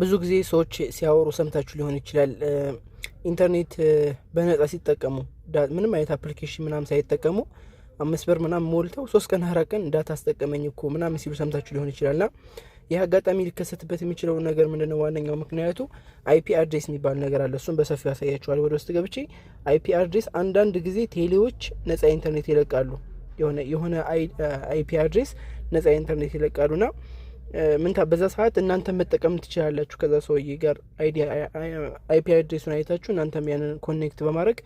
ብዙ ጊዜ ሰዎች ሲያወሩ ሰምታችሁ ሊሆን ይችላል። ኢንተርኔት በነጻ ሲጠቀሙ ምንም አይነት አፕሊኬሽን ምናም ሳይጠቀሙ አምስት ብር ምናም ሞልተው ሶስት ቀን አራት ቀን ዳታ አስጠቀመኝ እኮ ምናም ሲሉ ሰምታችሁ ሊሆን ና ይህ አጋጣሚ ሊከሰትበት የሚችለው ነገር ምንድነው? ዋነኛው ምክንያቱ አይፒ አድሬስ የሚባል ነገር አለ። እሱም በሰፊው ያሳያቸዋል ወደ ውስጥ ገብቼ። አይፒ አድሬስ አንዳንድ ጊዜ ቴሌዎች ነጻ ኢንተርኔት ይለቃሉ። የሆነ አይፒ አድሬስ ነጻ ኢንተርኔት ና ምን በዛ ሰዓት እናንተ መጠቀም ትችላላችሁ። ከዛ ሰውዬ ጋር አይፒ አድሬሱን አይታችሁ እናንተም ያንን ኮኔክት በማድረግ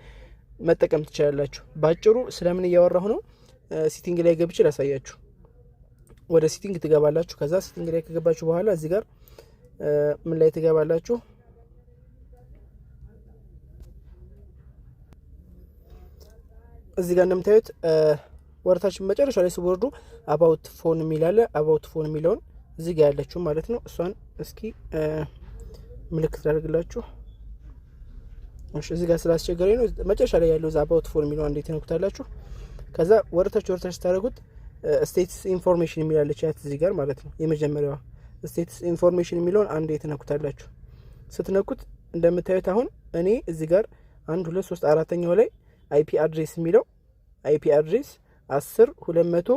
መጠቀም ትችላላችሁ። በአጭሩ ስለምን እያወራሁ ነው? ሲቲንግ ላይ ገብቼ ላሳያችሁ። ወደ ሲቲንግ ትገባላችሁ። ከዛ ሲቲንግ ላይ ከገባችሁ በኋላ እዚህ ጋር ምን ላይ ትገባላችሁ? እዚህ ጋር እንደምታዩት ወረታችን መጨረሻ ላይ ስወርዱ አባውት ፎን የሚላለ አባውት ፎን የሚለውን እዚህ ጋር ያለችው ማለት ነው። እሷን እስኪ ምልክት ላደርግላችሁ። እሺ እዚህ ጋር ስላስቸገረኝ ነው። መጨረሻ ላይ ያለው አባውት ፎር የሚለው አንዴ ትነኩታላችሁ። ከዛ ወረታች ወረታች ስታደርጉት ስቴትስ ኢንፎርሜሽን የሚላለች ያት እዚህ ጋር ማለት ነው። የመጀመሪያዋ ስቴትስ ኢንፎርሜሽን የሚለውን አንዴ ትነኩታላችሁ። ስትነኩት እንደምታዩት አሁን እኔ እዚህ ጋር አንድ ሁለት ሶስት አራተኛው ላይ አይፒ አድሬስ የሚለው አይፒ አድሬስ አስር ሁለት መቶ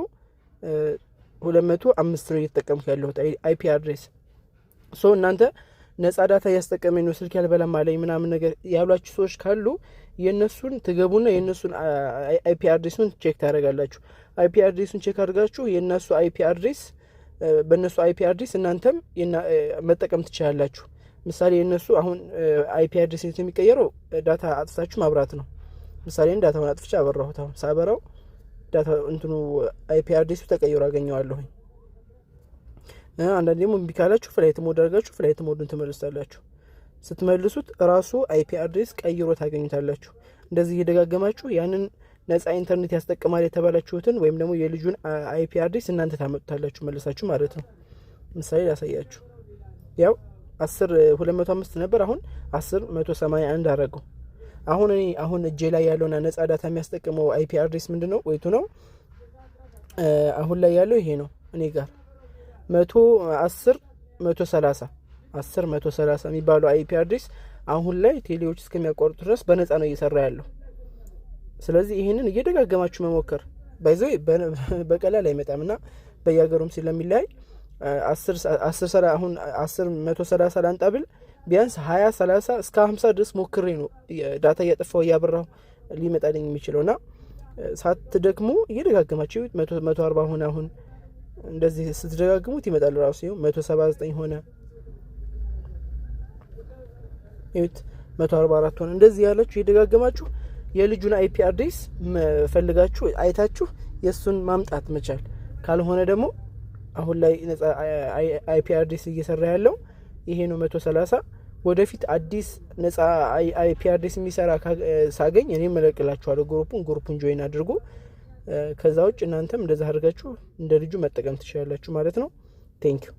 ሁለት መቶ አምስት ነው እየተጠቀምኩ ያለሁት አይፒ አድሬስ ሶ እናንተ ነጻ ዳታ እያስጠቀመኝ ነው ስልክ ያልበላም አለኝ ምናምን ነገር ያሏችሁ ሰዎች ካሉ የእነሱን ትገቡና የእነሱን አይፒ አድሬሱን ቼክ ታደረጋላችሁ። አይፒ አድሬሱን ቼክ አድርጋችሁ የእነሱ አይፒ አድሬስ በእነሱ አይፒ አድሬስ እናንተም መጠቀም ትችላላችሁ። ምሳሌ የእነሱ አሁን አይፒ አድሬስ የሚቀየረው ዳታ አጥፍታችሁ ማብራት ነው። ምሳሌ ዳታውን አጥፍቼ አበራሁት። አሁን ሳበራው ዳታ እንትኑ አይፒ አድሬሱ ተቀይሮ አገኘዋለሁኝ። አንዳንድ ደግሞ ቢካላችሁ ፍላይት ሞድ አድርጋችሁ ፍላይት ሞዱን ትመልሳላችሁ። ስትመልሱት ራሱ አይፒ አድሬስ ቀይሮ ታገኙታላችሁ። እንደዚህ እየደጋገማችሁ ያንን ነጻ ኢንተርኔት ያስጠቅማል የተባላችሁትን ወይም ደግሞ የልጁን አይፒ አድሬስ እናንተ ታመጡታላችሁ መለሳችሁ ማለት ነው። ምሳሌ ላሳያችሁ። ያው አስር ሁለት መቶ አምስት ነበር አሁን አስር መቶ ሰማንያ አንድ አረገው። አሁን እኔ አሁን እጄ ላይ ያለውና ነጻ ዳታ የሚያስጠቅመው አይፒ አድሬስ ምንድን ነው ወይቱ ነው አሁን ላይ ያለው ይሄ ነው። እኔ ጋር መቶ አስር መቶ ሰላሳ አስር መቶ ሰላሳ የሚባለው አይፒ አድሬስ አሁን ላይ ቴሌዎች እስከሚያቋርጡ ድረስ በነጻ ነው እየሰራ ያለው። ስለዚህ ይህንን እየደጋገማችሁ መሞከር ባይዘው በቀላል አይመጣም እና በየሀገሩም ስለሚለያይ አሁን አስር መቶ ሰላሳ ላንጣ ብል ቢያንስ ሀያ ሰላሳ እስከ ሀምሳ ድረስ ሞክሬ ነው ዳታ እያጠፋው እያበራው ሊመጣልኝ የሚችለው እና ሳትደክሙ እየደጋግማቸው መቶ አርባ ሆነ አሁን እንደዚህ ስትደጋግሙት ይመጣል ራሱ ይኸው መቶ ሰባ ዘጠኝ ሆነ ት መቶ አርባ አራት ሆነ እንደዚህ ያላችሁ እየደጋግማችሁ የልጁን አይፒ አድሬስ ፈልጋችሁ አይታችሁ የእሱን ማምጣት መቻል ካልሆነ ደግሞ አሁን ላይ ነጻ አይፒ አድሬስ እየሰራ ያለው ይሄ ነው መቶ ሰላሳ ወደፊት አዲስ ነጻ አይፒ አድሬስ የሚሰራ ሳገኝ እኔ እለቅላችኋለሁ ግሩፑን ግሩፑን ጆይን አድርጎ ከዛ ውጭ እናንተም እንደዛ አድርጋችሁ እንደ ልጁ መጠቀም ትችላላችሁ ማለት ነው። ቴንኪዩ